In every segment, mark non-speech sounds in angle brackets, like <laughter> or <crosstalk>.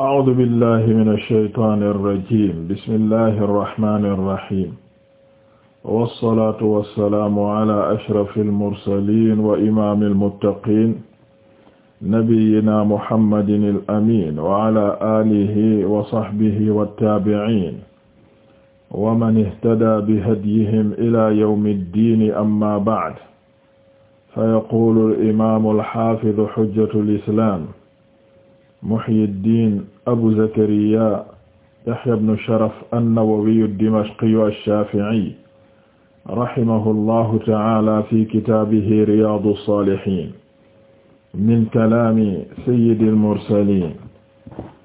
أعوذ بالله من الشيطان الرجيم بسم الله الرحمن الرحيم والصلاة والسلام على أشرف المرسلين وإمام المتقين نبينا محمد الأمين وعلى آله وصحبه والتابعين ومن اهتدى بهديهم إلى يوم الدين أما بعد فيقول الإمام الحافظ حجة الإسلام Muhyiddin Abu Zakariya Yahya ibn Sharaf an-Nawawi ad-Dimashqi ash-Shafi'i rahimahullahu ta'ala fi kitaabihi Riyaadu as-Saalihiin min kalaami sayyidil mursaliin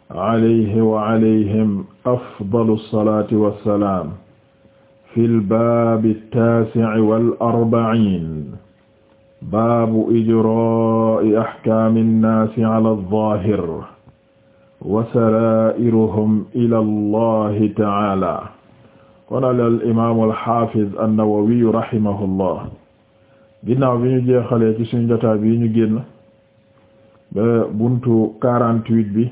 alayhi wa alayhim afdalu as-salaati was-salaam fil baabi at-taasi'i wal arba'iin baabu ijraa'i ahkaami nnaasi ala zaahir wa saraa'iruhum ilaa llaahi ta'aalaa qaala al imaamu al haafiz an-nawawi rahimahullah ginnaaw bi ñu jeexalee ci suñu jotaay bi ñu génn ba buntu 48 bi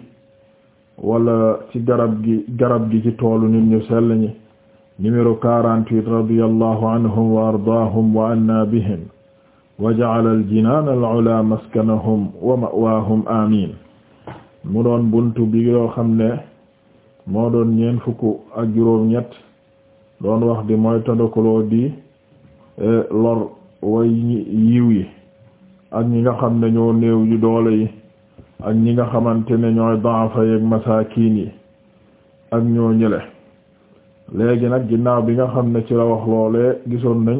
wala ci garab gi garab gi ci toolu nit ñu sell ñi numéro 48 radiyallahu anhum wa ardaahum wa annaa bihim wa ja'ala al-jinaan al maskanahum wa ma'waahum amiin mu doon buntu bi yoo xam ne moo doon ñeent fukk ak juróom-ñett doon wax di mooy tondakaloo di e, lor way yiw yi ak ñi nga xam ne ñoo néew yu doole yi ak ñi nga xamante ne ñooy daafa yeeg masaakiin yi ak ñoo ñële léegi nag ginnaaw bi nga xam ne ci la wax loolee gisoon nañ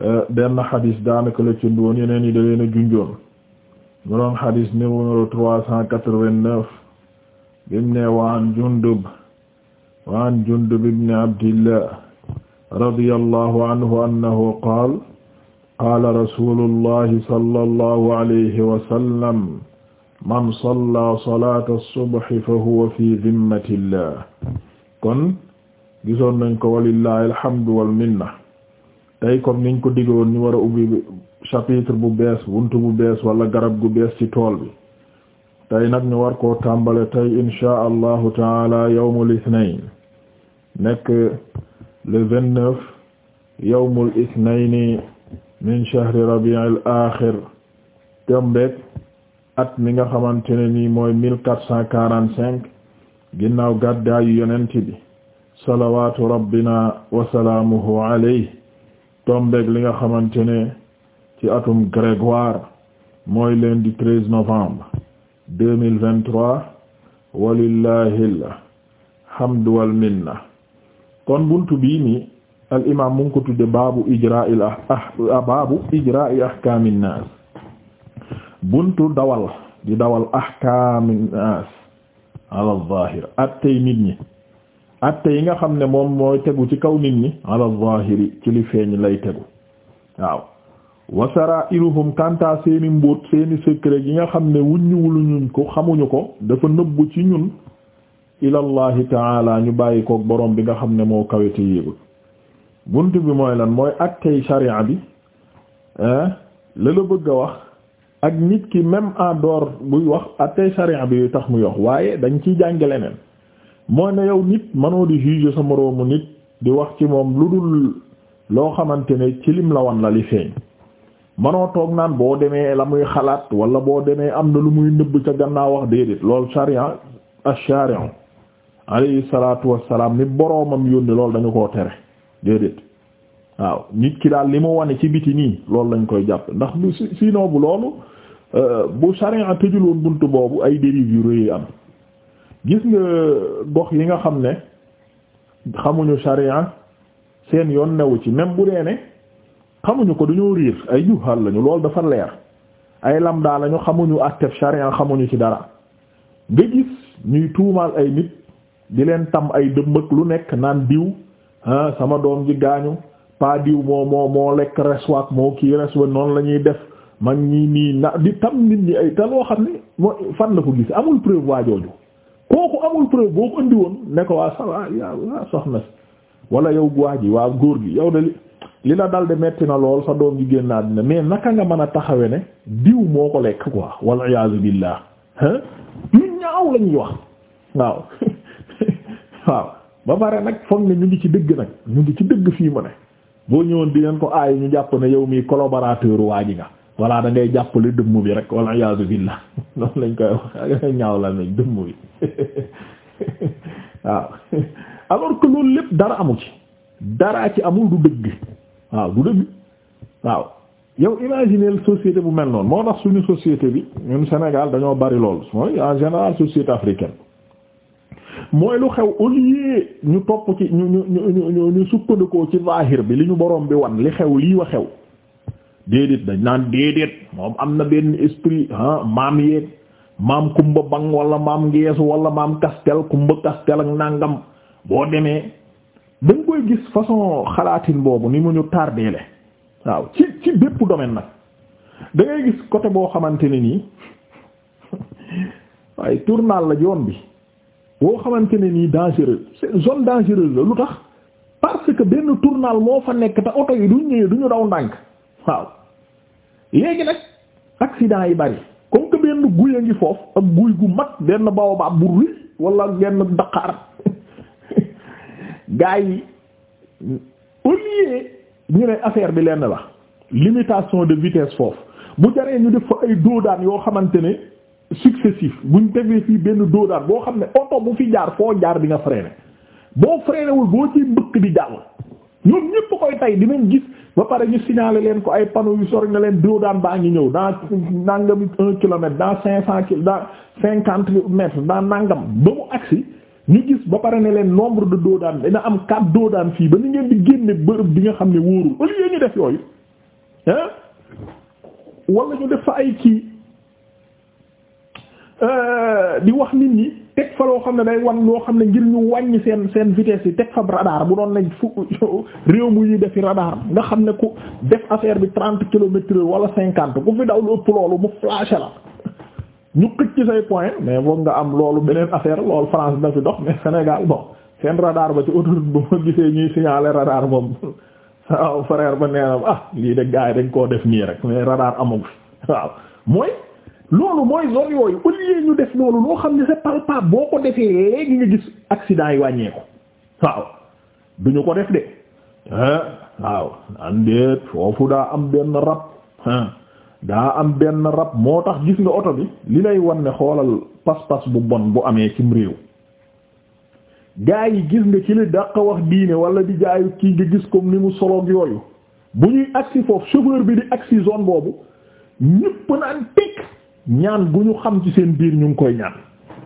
Eh, benn xadis daanaka la ci ndoon yeneen yi da leen a junjoon mu doon xadis numéro trois cent quatre-vingt-neuf bim ne waan Jundub waan Jundub ibn Abdillah radiyallahu anhu annahu qaal qaala rasulullahi sallallahu alayhi wa sallam man salla salaata subhi fa huwa fi dimmatillah kon gisoon nañ ko walillahi alhamdu wal minna tey comme niñ ko diggoon ñu war a ubbi chapitre bu bees wunt bu bees wala garab gu bees ci tool bi tey nag ñu war koo tàmbale tey insha allahu taala yawmul ithnain nekk le vingt neuf yawmul ithnaini min shahri rabi'il akhir tombeek at mi nga xamante ne nii mooy mille quatre quarante cinq ginnaaw gàddaayu yonent bi salawaatu rabbina wa salaamuhu alayhi tombeeg li nga xamante ne ci atum grégoire mooy lundi 13 novembre 2023 walillahil hamdu wal minna kon buntu bii nii al imam mu ngi ko tudde baabu ijra'il ah, ah baabu ijra'i ahkamin nas buntu dawal di dawal ahkamin nas ala zahir attey nit ñi atte yi nga xam ne moom mooy tegu ci kaw nit ñi ala zahiri ci li feeñ lay tegu waaw wasara iruhum kanta seeni mbóot seeni secret yi nga xam ne wuññuwuluñuñ ko xamuñu ko dafa nëbbu ci ñun ilallahi taala ñu bàyyi koog boroom bi nga xam ne moo kawete yéegul bunt bi mooy lan mooy attey sharia bi la la bëgg a wax ak nit ki même en dehors buy wax attey sharia bi tax muy wax waaye dañ ciy jàngale neen mooy ne yow nit mënoo di juger sa moroomu nit di wax ci moom lu dul loo xamante ne ci lim la wan la li feeñ manoo toog naan boo demee la muy xalaat wala boo demee am na lu muy nëbb ca gannaaw wax déedéet lool sharia ash-shari'u alayhi salaatu wassalaam ni boroomam yónni lool dañu koo tere déedéet waaw nit ki daal li mu wane ci biti nii loolu lañ koy jàpp ndax bu si sinon bu loolu euh, bu sharia tëjuloon buntu boobu ay dérive yu rëy am gis nga gox yi nga xam ne xamuñu sharia seen yoon newu ci même bu dee ne xamuñu ko dañoo riir ay juhal lañu loolu dafa leer ay lamda lañu xamuñu àtteb sharia xamuñu ci dara nga gis ñuy tuumaal ay nit di leen tam ay dëmbëg lu nekk naan diw ah sama doom ji gaañu pas diw moo moo moo lekk reswaak moo kii reswa noonu la ñuy def mag ñi nii na di tam nit ñi ay te loo xam ne fan na ko gis amul preuve waajooju kooku amul preuve boo ko andi woon ne ko waa sawa yaa waa soxna si wala yow waa ji waa góor gi yow de li la dal de metti na lool sa doom gi génn àddina mais naka nga mën a taxawe ne diw moo ko lekk quoi wal iyaazu billah lu ñaaw la wax waaw <laughs> waaw ba pare nag foog ne ñu ngi ci dëgg nag ñu ngi ci dëgg fii mu ne boo ñëwoon di ko aay ñu jàpp ne yow mii collaborateur waa ji nga voilà da ngay jàppale dëmm bi rek wala iyaazu billah noonu <laughs> lañ koy wax da ngay ñaaw la nañ dëmm bi <laughs> waaw alors que loolu lépp dara amu ci daraa ci amul du dëgg waaw du dëgg waaw yow imaginer société bu mel noonu moo tax suñu société bi ñun Sénégal dañoo bari lool mooy en général société africaine mooy lu xew au lieu ñu topp ci ñu ñu ñu ñu ñu sukkandikoo ci zahir bi li ñu borom bi wan li xew lii wa xew. déedéet dañ naan déedéet moom am na benn esprit maam yeeg maam kumba bang wala maam ngeesu wala maam kastel kumba kastel ak nangam boo demee da nga koy gis façon xalaatin boobu ni mu ci ci bépp domaine nag boo xamante ne nii <laughs> waaye tournal la yoon bi boo xamante ne nii dangereux son zone dangereuse la lu tax parce que benn tournal moo fa nekk te oto yi duñ ñëwee duñu daw ndànk waaw léegi nag accident yi bari comme que benn guy a ngi foofu ak guy gu mag benn baobab bu rëy wala genn daqaar <laughs> gaa yi au ñu ne affaire bi lenn la limitation de vitesse foofu bu jaree ñu def fa ay doodaan yoo xamante ne successif buñ defee fii benn doodaan boo xam ne oto bu fi jaar foo jaar di nga freiner boo freinerwul boo ci mbëkk di jàll ñoom ñëpp koy tay dinañ gis ba pare ñu signaler leen ko ay panneaux yu sori na leen doo daan baa ngi ñëw dans nangam un kilomètre dans cinq cent kil dans cinquante mètres dans nangam ba mu agsi ñu gis ba pare ne leen nombre de doo daan dina am quatre doo daan fii ba ni ngeen di génne bërëb bi nga xam ne wóorul au lieu ñu def yooyu ah wala ñu def fa ay kii euh, di wax nit ñi. teg fa loo xam ne day wan loo xam ne ngir ñu wàññi seen seen vitesse yi teg fa radar bu doon nañ fu <laughs> réew mu yi defi radar nga xam ne ku def affaire bi trente kilomètres wala cinquante ku fi daw lu ëpp loolu mu flashé la ñu xëcc say point mais boog nga am loolu beneen affaire loolu France na fi dox mais Sénégal bon seen radar ba ci autoroute bu ma gisee ñuy signaler radar moom waaw frère ba nee na ah lii de gars yi dañ koo def nii rek mais radar amagu waaw mooy. loolu mooy zone yooyu au ñu def loolu loo xam ne c'est palpable boo ko defee léegi nga gis accident yi wàññeeku waaw duñu ko def de waaw andeet foofu daa am benn rab daa am benn rab moo tax gis nga oto bi li lay wan ne xoolal pas-pas bu bon bu amee cim réew gaa yi gis nga ci li dàq wax diine wala di jaayu kii nga gis comme ni mu soloog yooyu bu ñuy agsi foofu chauffeur bi di agsi zone boobu ñépp naan tekk ñaan gu ñu xam ci seen biir ñu ngi koy ñaan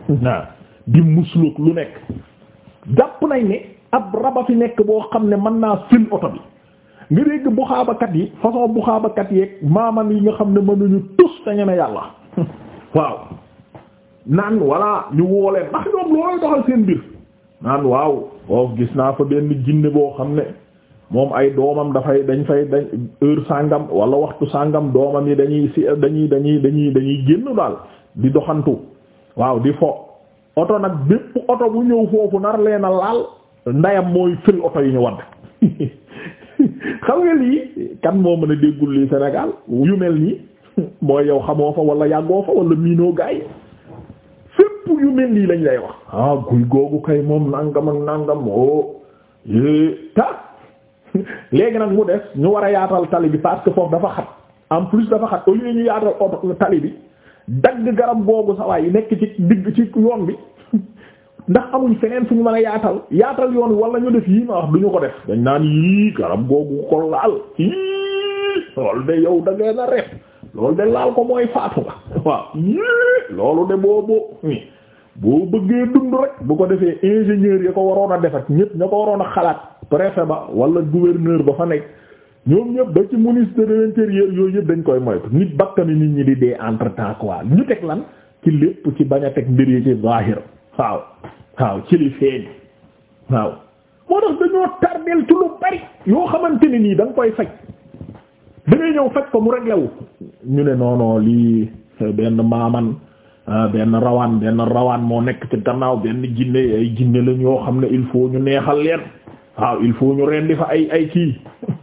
waaw di musluk lu nekk jàpp nañ ne ab raba fi nekk boo xam ne mën naa fil oto bi nga dégg buxaabakat yi façon buxaabakat yeeg maaman yi nga xam ne mënuñu tus te ñeme yàlla <laughs> waaw naan voilà ñu wooleen ndax ñoom loolooy doxal seen biir naan waaw foofu gis naa fa benn jinne boo xam ne moom ay doomam dafay dañ fay dañ heure sàngam wala waxtu sàngam doomam yi dañuy si dañuy dañuy dañuy dañuy génn daal di doxantu waaw di fo oto nag bépp oto bu ñëw foofu nar leen a laal ndayam mooy fël oto yi ñu wadd <laughs> xam nga kan moo mën a déggul lii Sénégal yu mel nii <laughs> mooy yow xamoo fa wala yàggoo fa wala miinoo gaay fépp yu mel nii lañ lay wax ah guy googu kay moom nangam ak nangam o oh, eh, ta léegi nag mu def ñu war a yaatal tali bi parce que foofu dafa xat en plus dafa xat au lieu ñu yaatal oto tali bi dagg garab googu sa waay yi nekk ci digg ci yoon bi ndax amuñ feneen fu ñu mën a yaatal yaatal yoon wala ñu def yii ma wax du ñu ko def dañ naan yii garab googu ko laal yii loolu de yow da ngeen a ref loolu de laal ko mooy faatu nga waaw yii loolu de boobu boo bëggee dund rek bu ko defee ingénieur ya ko waroon a defat ñépp ña ko waroon a xalaat préfet ba wala gouverneur ba fa nekk ñoom ñëpp ba ci ministre yooyu yëpp dañ koy moy nit bakkani nit ñi di dee entre temps quoi ñu teg lan ci lépp ci bañ a teg mbir yi ci zahir waaw waaw ci li feeñ waaw moo tax dañoo tardeel ci lu bari yoo xamante ne nii da koy faj da ngay ñëw faj ko mu réglé wu ñu ne non non lii euh, benn maaman euh, benn rawaan benn rawaan moo nekk ci gannaaw benn jinne ay jinne lañ yoo xam ne il faut ñu neexal leen waaw il faut ñu rendi fa ay ay kii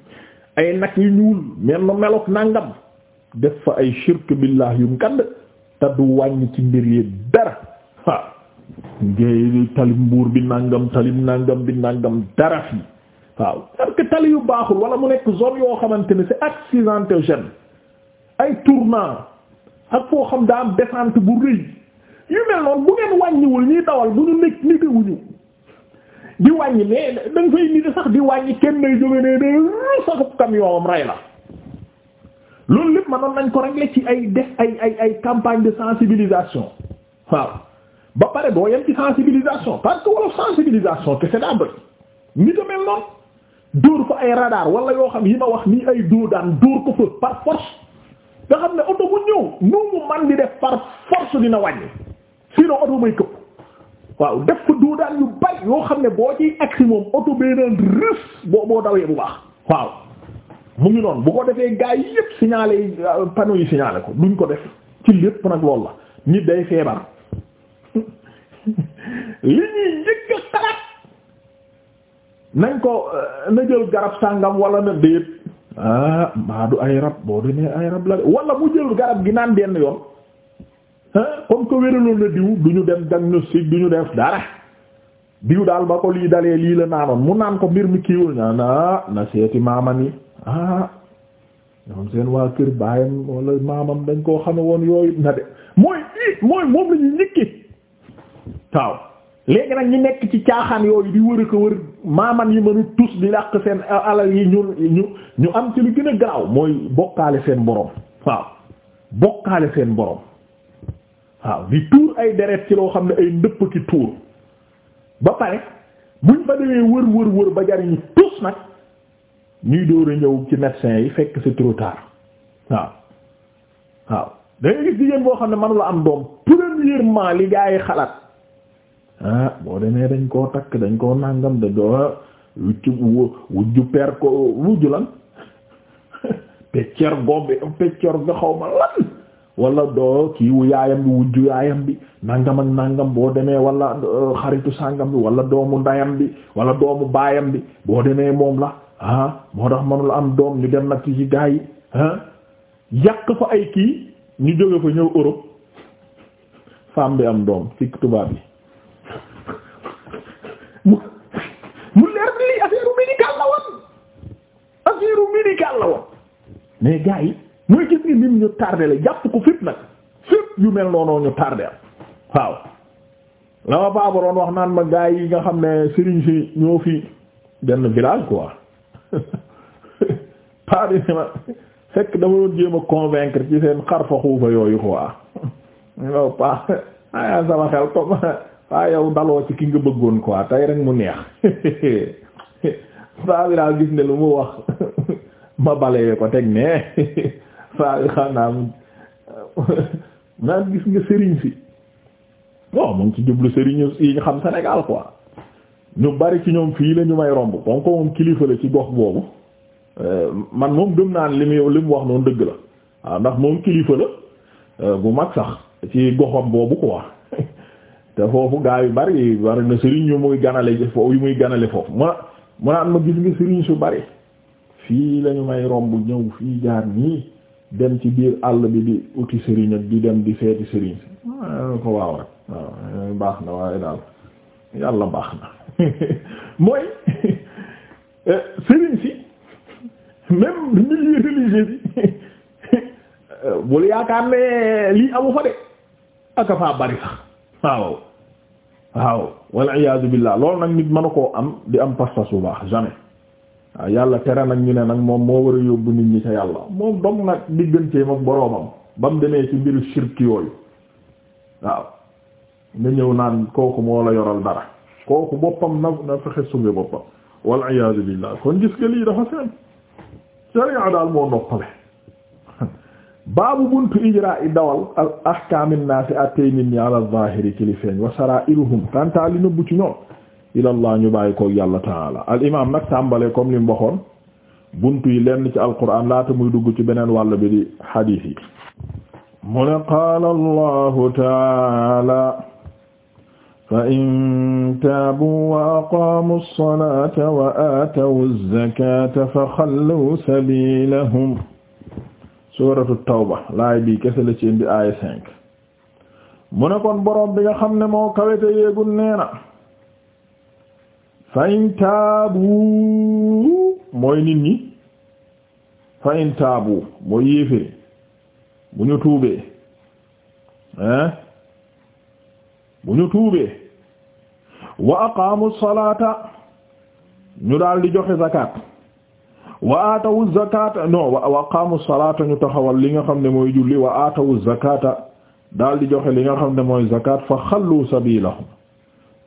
<laughs> ay nag yu ñuul mel na melok nangam def fa ay shirk billah yu ngand te du wàññi ci mbir yi dara waaw ngay talim mbuur bi nangam talim nangam bi nangam dara fi waaw parce que tali yu baaxul wala mu nekk zone yoo xamante ne c'est accidentogène ay tournant ak foo xam daa am descente bu rëy yu mel noonu bu ngeen wàññiwul ñuy dawal bu ñu nekk nitewuñu di wàññi mais da nga fay nit sax di wàññi kenn day jóge ne de saxu camion am rey la loolu lépp mënoon nañ ko régler ci ay def ay ay ay campagne de sensibilisation waaw ba pare doo yem ci sensibilisation parce que wala sensibilisation kese daa bëri nit a mel noonu dóor ko ay radar walla yoo xam yi ma wax ni ay dóor daan dóor ko fa par force nga xam ne oto bu ñëw nu mu man di def par force dina wàññi sinon oto may këpp waaw def fa doodaan yu bay yoo xam ne boo ciy agsi moom oto bee naan rës boo boo dawee bu baax waaw mu ngi noon bu ko defee gaa yi yëpp signalé yi euh, panneau yi signalé ko duñ ko def ci lépp nag loolu la nit day feebar <laughs> li ñuy njëkk xalaat nañ ko euh, na jël garab sàngam wala na déet ah, maa du ay rab boo demee ay rab la de wala mu jël garab gi naan benn yoon. comme que wéraloon na diw du ñu dem diagnostic du ñu def dara diw daal ba ko lii dalee lii la naanoon mu naan ko mbir mi kiiwul naa na na seeti maamam yi ah ñoom seen waa kër baayam wala maamam dañ koo xame woon yooyu na de mooy i mooy moom la ñu ñëkki waaw nag ñi nekk ci caaxaan yooyu di wër ko wër maaman yi mënu tus di làq seen alal yi ñu ñu ñu am ci li gën a gaaw mooy bokkaale seen borom waaw bokkaale seen boroom waaw di tuur ay deret ci loo xam ne ay ndëpp ki tuur ba pare buñ fa demee wër wër wër ba jariñu tus nag ñuy dóor a ci médecin yi fekk si trop tard waaw waaw da gis jigéen boo xam ne manula am doom premièrement li yi xalaat ah boo demee dañ koo takk dañ koo nàngam da koo wujju wujju per ko wujju lan <laughs> peccor gombi peccor nga xaw ma lan wala doo kiiwu yaayam bi wujju yaayam bi nangam nàngam boo demee wala euh, xaritu sàngam bi wala doomu ndayam bi wala doomu baayam bi boo demee moom la ah moo tax manul am doom ñu dem nag ci ci gaa yi ah yàq fa ay kii ñu jóge fa ñëw Europe femme bi am doom ci tubaab bi mu mu leer bi lii affaire médicale la woon affaire médicale la woon mais gaa muy gis ni nim ñu tardé la jàpp ko fépp nag fépp yu mel noonu ñu tardé waaw la ma baaba doon wax naan ma gaa yi nga xam ne sëriñ si ñoo fi benn village quoi <laughs> paa bi ne ma fekk dama doon jéem a convaincre ci seen xar fa xuufa yooyu quoi <laughs> yow paa ayaa sama xel <laughs> paa yow daloo ci ki nga bëggoon quoi tey rek mu neex paa bi gis ne lu mu wax ma balee ko teg ne saa yu xanaa naan gis nga sëriñ si bon mu ngi ci jublu sëriñ yi ñu xam Sénégal quoi ñu bari ci ñoom fii la ñu may romb kon ko moom kilifa la ci gox boobu euh, man moom gëm naan li mu li wax noonu dëgg la ndax moom kilifa la euh, bu mag sax ci goxam boobu quoi <laughs> foofu gaa yu bari bari na sëriñ yu muy ganale yu muy ganale foofu mu na mu gis nga sëriñ su bari fii lañu ñu may romb ñëw fii jaar nii dem ci biir àll bi di uti sëriñ ak di dem di seeti sëriñ si ah, ko waaw rek waaw ah, baax na waaye daal yàlla baax na <laughs> mooy <laughs> eh, sëriñ si même milieu religieux bi <laughs> bul yaakaar ne lii amu fa de aka faa bari sax waaw waaw wal iyaazu billaah loolu nag nit mën a koo am di am pas-pas bu baax jamais waaw yàlla tere nag ñu ne nag moom moo war a yóbbu nit ñi ca yàlla moom dong nag digganteem ak boroomam ba mu demee ci mbiru shirk yooyu waaw nga ñëw naan kooku moo la yoral dara kooku boppam na na fexe sunge boppam wal iyaadu billaah kon gis nga lii dafa seen sariya daal moo noppale <laughs> baabu buntu ijraa i dawal al ahkaamin naasi àttee nit ñi ala zaahiri ci wa sarairuhum kantaa nëbbu ci ñoom ilallah ñu bàyyi ko yàlla taala al imam nag tàmbale comme li mu waxoon buntu yi lenn ci alquran laata muy dugg ci beneen wàll bi di hadith yi mu ne qaala allahu taala fa in taabu wa aqaamu alsalata wa aatawu alzakata fa xallu sabilahum suratu tawba laay bi kese la ci indi aaya kon boroom bi xam ne moo kawete yéegul nee fa in taabu mooy nit fa in taabu mooy yéefee bu ñu tuube hein bu ñu tuubee wa aqaamu salaata ñu daal di joxe zakat wa aatawu zakata non wa aqaamu salaata ñu taxawal li nga xam ne mooy julli wa aatawu zakata daal di joxe li nga xam ne moy zakat fa xallu sabilahum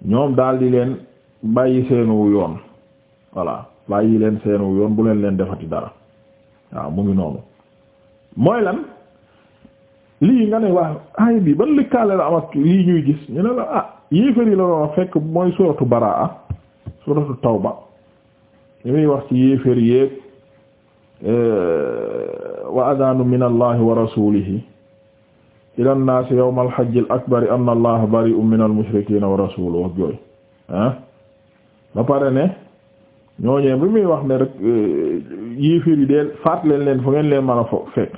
ñoom daal di leen bàyyi seenu yoon voilà bàyyi leen seenu yoon bu leen leen defati dara waaw mu ngi noonu mooy lan lii nga ne waa ay bi ban lëkkaale la am ak lii ñuy gis ñu ne la ah yéefar yi la doon fekk mooy suratu baraa suratu tawba li muy wax ci yéefar yéeg eh, wa adanu min allahi wa rasulihi ila nnaasi yawma alhajji al akbari anna allaha bari'un min al mushrikina wa rasuluhu ak ba pare ne ñooñee bi muy wax ne rek euh, yéeféer yi dee faat leen leen fu ngeen leen mën a fo fekk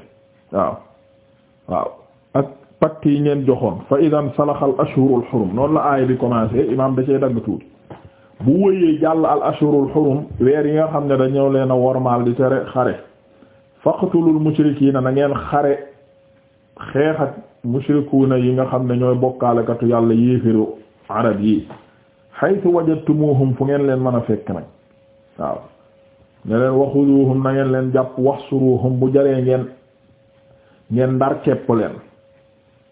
waaw ak pacte yi ngeen joxoon fa idan salaxal ashurul xurum noonu la aay bi commencé imaam da cee dagg tuuti bu wëyee jàll al ashurul xurum weer yi nga xam ne dañoo leen a wormaal di tere xare faqtulul mushrikiina na ngeen xare xeex ak mushrikuuna yi nga xam ne ñooy bokkaalekatu yàlla yéeféeru arab yi haythu wajadtumuhum fu ngeen leen mën a fekk nag waaw ne leen waxuduhum na ngeen leen jàpp waxsuruhum bu jaree ngeen ngeen ndar kepp leen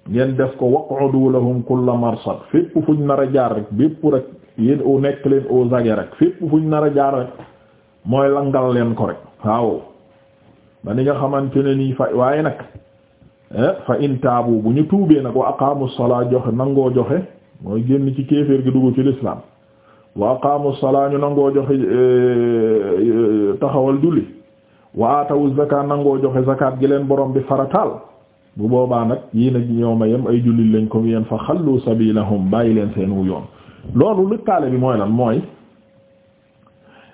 ngeen def ko waq'udu lahum kulla marsad fépp nar a jaar rek bépp rek yéen au nekk leen rek fépp fuñ nar a jaar rek mooy langal leen ko rek waaw ba nga xamante ne nii fa waaye nag eh, fa in bu ñu tuubee nag wa aqaamu salaa joxe nangoo joxe mooy génn ci kéeféer gi dugg ci l'islam waa aqaamu salaa ñu nangoo joxe eh, eh, taxawal julli wa atawu nangoo joxe zakat gi leen borom bi farataal bu boobaa nag yii nag ñoo ma yem ay jullit lañ ko yem fa xallu sabilahum bàyyi leen seen wu yoon loolu lëkkaale bi mooy lan mooy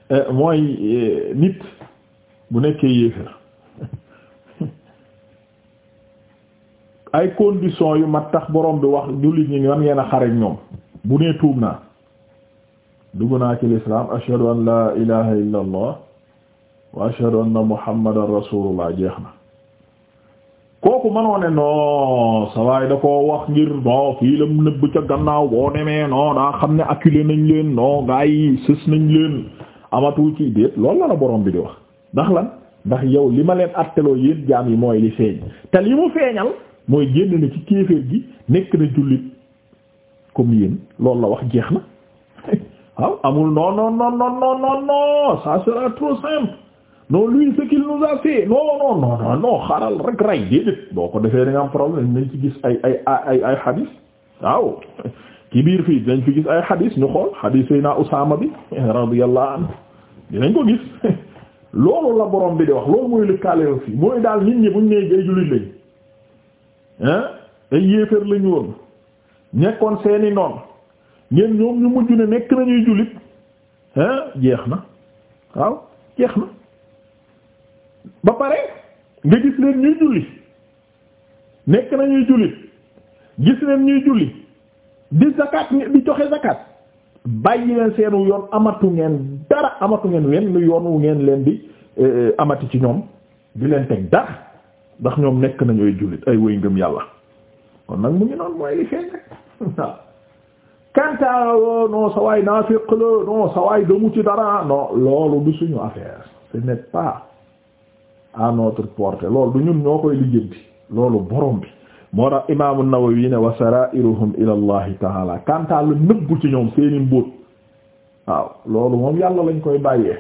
eh, mooy nit bu nekkee yéeféer ay conditions yu mat tax borom bi wax jullit ñi man ngeen a xare ñoom bu nee tuub naa dugg naa ci l'islam ashhadu an la ilaha illa wa ashhadu anna muhammadan rasulullah jeex na kooku mënoo ne non sawaay da koo wax ngir non fii la nëbb ca gannaaw boo demee non daa xam ne acculé nañ leen non gaa sës nañ leen amatu ci déet loolu la la borom bi di wax ndax lan ndax yow li ma leen atteloo yéen jaam yi mooy li feeñ te li mu feeñal mooy génn na ci kéeféer gi nekk na jullit comme yéen loolu la wax jeex na waaw amul non non non non non non non xaaral rek ray déedéet boo ko defee da nga am problème nañ ci gis ay ay ay ay xadis waaw ci biir fii dañ fi gis ay xadis ñu xool xadis Seydina Usaama bi radiyallahu anhu dinañ ko gis loolu la borom bi di wax loolu mooy lëkkaale fii mooy daal nit ñi buñ nee jullit lañ. ay yéeféer lañu woon nekkoon seeni noon ngeen ñoom ñu mujj ne nekk nañuy jullit jeex na waaw jeex na ba pare nga gis leen ñuy julli nekk nañuy jullit gis leen ñuy julli di zakat di joxe zakat bàyyi leen seenu yoon amatu ngeen dara amatu ngeen wenn yoon wu ngeen leen di eh, eh, amati ci ñoom di leen teg dara ndax ñoom nekk nañu ay jullit ay way ngëm yàlla kon nag mu ngi noonu mooy li feeñ rek waaw kanta euh, non sa waay la non sa waay ci dara non loolu du suñu affaire ce n'est pas ñun ñoo koy lijjanti loolu borom bi moo tax imaam an-Nawawi ne wa sarairuhum ila allahi la nëbbu ci ñoom seeni mbóot waaw loolu moom yàlla lañ koy bàyyee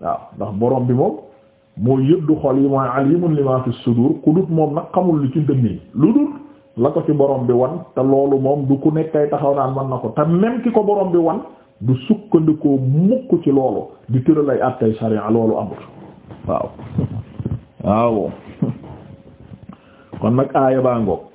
waaw ndax borom bi moom mooy yëddu xol yi mooy alimun lima fi sudur ku dut moom nag xamul li ci dënn yi lu dul la ko ci borom bi wan te loolu moom du ku nekkay taxaw naan man na ko te même ki ko borom bi wan du sukkandikoo mukk ci loolu di tëralay attay sariya loolu amut waaw waaw <laughs> kon nag aaya baa ngoog